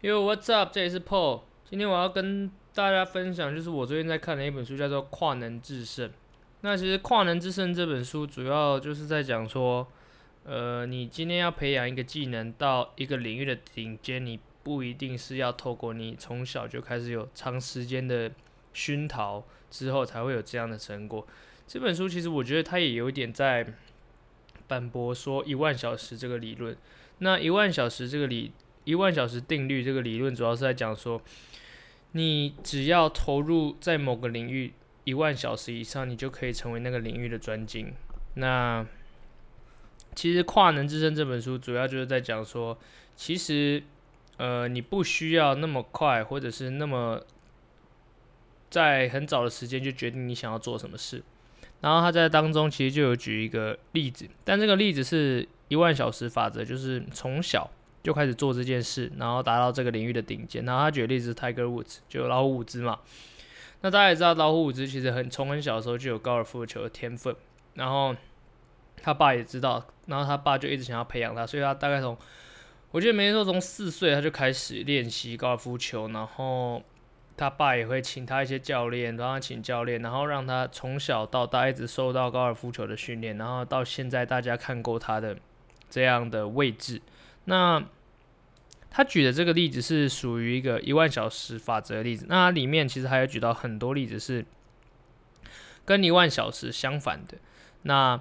Yo, what's up? 這裡是 Paul。今天我要跟大家分享，就是我最近在看的一本書，叫做《跨能制勝》。那其實《跨能制勝》這本書主要就是在講說，呃，你今天要培養一個技能到一個領域的頂尖，你不一定是要透過你從小就開始有長時間的熏陶之後才會有這樣的成果。這本書其實我覺得它也有一點在反駁說一萬小時這個理論。那一萬小時這個理一萬小時定律這個理論主要是在講說，你只要投入在某個領域一萬小時以上，你就可以成為那個領域的專精。那其實《跨能制勝》這本書主要就是在講說，其實呃，你不需要那麼快，或者是那麼在很早的時間就決定你想要做什麼事。然後他在當中其實就有舉一個例子，但這個例子是一萬小時法則，就是從小，就開始做這件事，然後達到這個領域的頂尖。然後他舉的例子是 Tiger Woods，就老虎伍茲嘛。那大家也知道，老虎伍茲其實很從很小的時候就有高爾夫球的天分。然後他爸也知道，然後他爸就一直想要培養他，所以他大概從，我記得沒錯，從四歲他就開始練習高爾夫球。然後他爸也會請他一些教練，然後請教練，然後讓他從小到大一直受到高爾夫球的訓練。然後到現在，大家看過他的這樣的位置。那他舉的這個例子是屬於一個一萬小時法則的例子，那裡面其實還有舉到很多例子是跟一萬小時相反的。那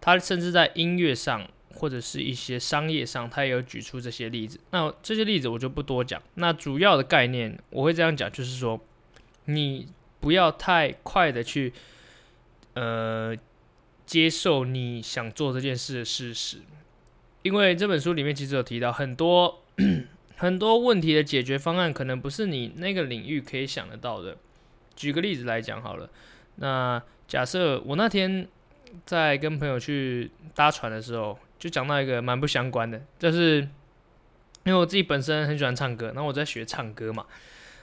他甚至在音樂上或者是一些商業上，他也有舉出這些例子。那這些例子我就不多講。那主要的概念，我會這樣講，就是說你不要太快的去呃接受你想做這件事的事實。因為這本書裡面其實有提到很多很多問題的解決方案，可能不是你那個領域可以想得到的。舉個例子來講好了，那假設我那天在跟朋友去搭船的時候，就講到一個蠻不相關的，就是因為我自己本身很喜歡唱歌，然後我在學唱歌嘛，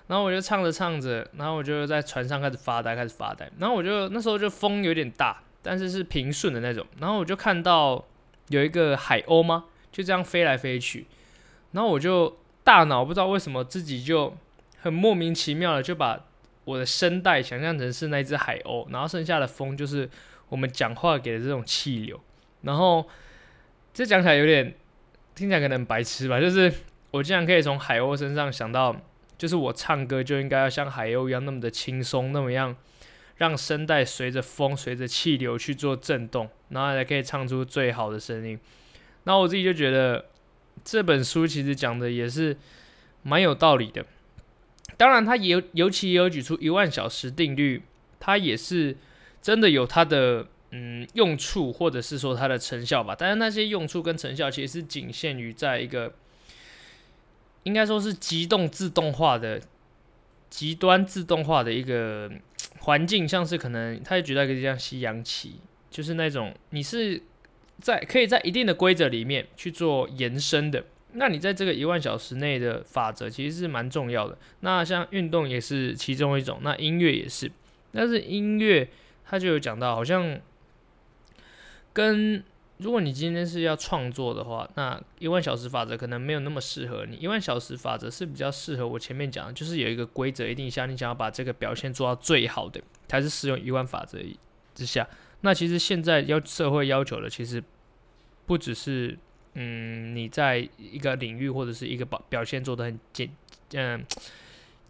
然後我就唱着唱着，然後我就在船上開始發呆，開始發呆。然後我就那時候就風有點大，但是是平順的那種，然後我就看到。有一個海鷗嗎？就這樣飛來飛去，然後我就大腦不知道為什麼自己就很莫名其妙的就把我的聲帶想象成是那隻海鷗，然後剩下的風就是我們講話給的這種氣流，然後這講起來有點聽起來可能白痴吧，就是我竟然可以從海鷗身上想到，就是我唱歌就應該要像海鷗一樣那麼的輕鬆，那麼樣。讓聲帶隨着風、隨着氣流去做振動，然後才可以唱出最好的聲音。那我自己就覺得這本書其實講的也是蠻有道理的。當然，它也有，尤其也有舉出一萬小時定律，它也是真的有它的嗯用處，或者是說它的成效吧。但是那些用處跟成效，其實是僅限於在一個應該說是極動自動化的極端自動化的一個。環境像是可能，他也舉到一個像西洋棋，就是那種你是在可以在一定的規則裡面去做延伸的。那你在這個一萬小時內的法則其實是蠻重要的。那像運動也是其中一種，那音樂也是。但是音樂它就有講到，好像跟。如果你今天是要創作的話，那一萬小時法則可能沒有那麼適合你。一萬小時法則是比較適合我前面講的，就是有一個規則一定下，你想要把這個表現做到最好的，才是適用一萬法則之下。那其實現在要社會要求的，其實不只是嗯，你在一個領域或者是一個表表現做的很尖嗯、呃、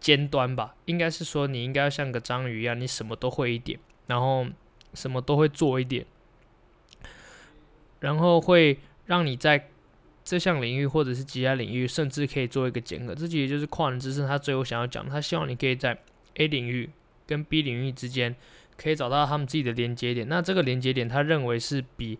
尖端吧，應該是說你應該要像個章魚一樣，你什麼都會一點，然後什麼都會做一點。然後會讓你在這項領域或者是其他領域，甚至可以做一個結合。這其實就是《跨能制勝》，他最後想要講，他希望你可以在 A 領域跟 B 領域之間，可以找到他們自己的連接點。那這個連接點，他認為是比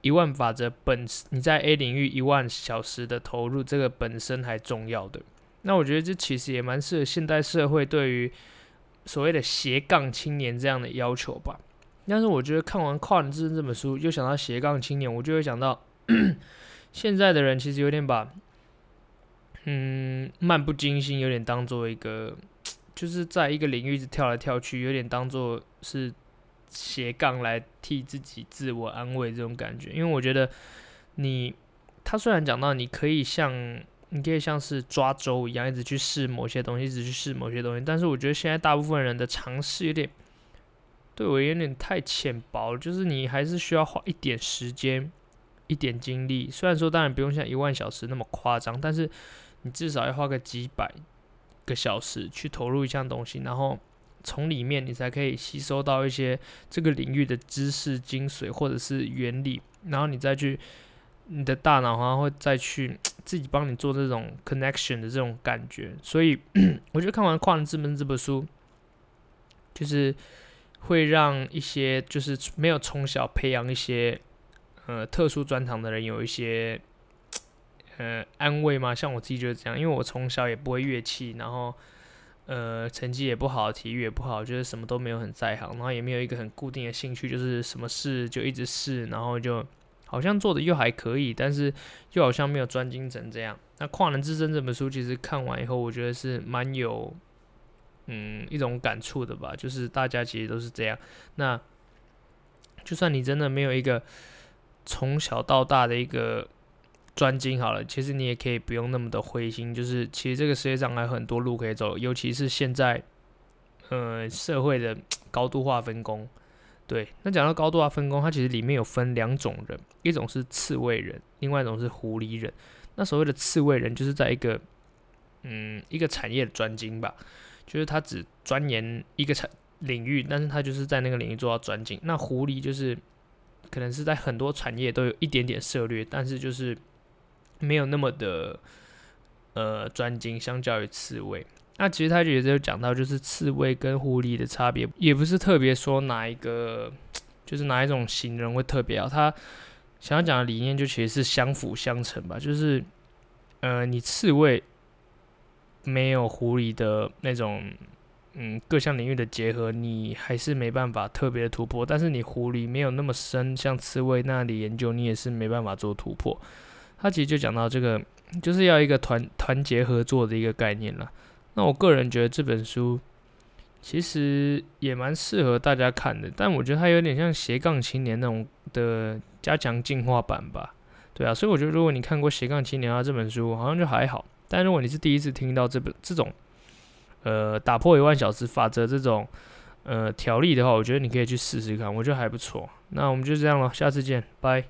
一萬法則本身你在 A 領域一萬小時的投入這個本身還重要的。那我覺得這其實也蠻適合現代社會對於所謂的斜槓青年這樣的要求吧。但是我覺得看完《跨能制勝》這本書，又想到斜槓青年，我就會想到現在的人其實有點把，嗯，漫不經心，有點當做一個，就是在一個領域一直跳來跳去，有點當作是斜槓來替自己自我安慰這種感覺。因為我覺得你，他雖然講到你可以像，你可以像是抓周一樣，一直去試某些東西，一直去試某些東西，但是我覺得現在大部分人的嘗試有點。對我有點太淺薄了，就是你還是需要花一點時間、一點精力。雖然說當然不用像一萬小時那麼誇張，但是你至少要花個幾百個小時去投入一項東西，然後從裡面你才可以吸收到一些這個領域的知識精髓或者是原理，然後你再去你的大腦好像會再去自己幫你做這種 connection 的這種感覺。所以 我覺得看完《跨能之門》這本書，就是。會讓一些就是沒有從小培養一些呃特殊專長的人有一些呃安慰嗎？像我自己就是這樣，因為我從小也不會樂器，然後呃成績也不好，體育也不好，就是什麼都沒有很在行，然後也沒有一個很固定的興趣，就是什麼事就一直試，然後就好像做的又還可以，但是又好像沒有專精成這樣。那《跨能制勝》這本書其實看完以後，我覺得是蠻有。嗯，一種感觸的吧，就是大家其實都是這樣。那就算你真的沒有一個從小到大的一個專精好了，其實你也可以不用那麼的灰心。就是其實這個世界上還有很多路可以走，尤其是現在，嗯、呃，社會的高度化分工。對，那講到高度化分工，它其實裡面有分兩種人，一種是刺蝟人，另外一種是狐狸人。那所謂的刺蝟人，就是在一個，嗯，一個產業的專精吧。就是他只鑽研一個產領域，但是他就是在那個領域做到專精。那狐狸就是可能是在很多產業都有一點點涉獵，但是就是沒有那麼的呃專精，相較於刺蝟。那其實他其有講到就是刺蝟跟狐狸的差別，也不是特別說哪一個就是哪一種型人會特別好。他想要講的理念就其實是相輔相成吧，就是呃你刺蝟。沒有狐狸的那種，嗯，各項領域的結合，你還是沒辦法特別的突破。但是你狐狸沒有那麼深，像刺蝟那裡研究，你也是沒辦法做突破。他其實就講到這個，就是要一個團團結合作的一個概念了。那我個人覺得這本書其實也蠻適合大家看的，但我覺得它有點像斜槓青年那種的加強進化版吧。對啊，所以我覺得如果你看過斜槓青年啊這本書，好像就還好。但如果你是第一次聽到這個、這種，呃，打破一萬小時法則這種，呃，條例的話，我覺得你可以去試試看，我覺得還不錯。那我們就這樣了，下次見，拜。